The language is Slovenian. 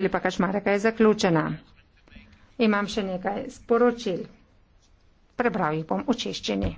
ali pa kašmarka je zaključena. Imam še nekaj sporočil. Prebral jih bom v češčini.